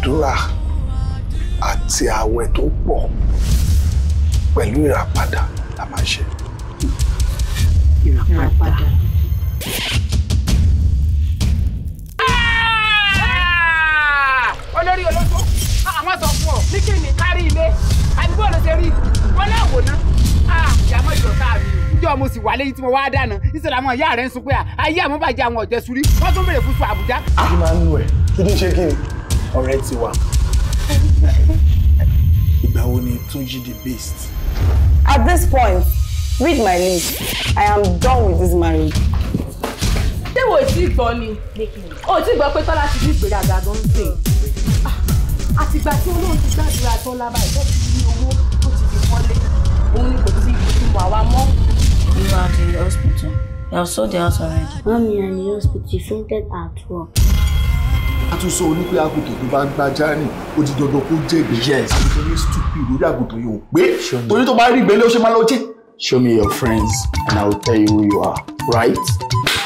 àdúrà àti ààwẹ̀ tó pọ̀ pẹ̀lú ìràpadà la máa ṣe. ìràpadà. Ah! olórí olóko àwọn sọ fún ọ ní kí ni kárí ilé àdúgbò ló ṣe rí wọn náà wò ná àyàmọ ah, ìjọta mi níjọ́ mo sì wà lẹ́yìn tí mo wá dáná níṣẹ́ làwọn ìyá rẹ̀ ń sun pé ah, ayé àmọ́ àwọn ọ̀jẹ̀ sùúrí wọ́n tún bèrè fún sùn àbújá. kí máa ń nu ẹ̀ kí ni ṣe kí ni ọ̀rẹ́ ti wà. Ìgbà wo ni Túnjí the beast? At this point, read my list. I am done with this marriage. Ṣé wo ti gbọ́ ni? O ti gbọ́ pé Tọ́lá ti ní ìgbéraga gan ń sìn. Ah, Àtìgbà tí olóhùn ti gbàdúrà Tọ́lá báyìí tó ti ní owó tó ti fi wọlé. Òun ni kò sí ìwà wa mọ́. You are in the hospital. They have sold the house already. Mommy and the hospital fainted at work a tún ní pé àgùntàn tó bá gba jáàní ó di dandan kó jẹ̀bi. yes nítorí stupid lórí àgùntàn yóò pé torí tó bá rí ìgbélé ó ṣe máa lọ jẹ. show me your friends and i will tell you who you are right.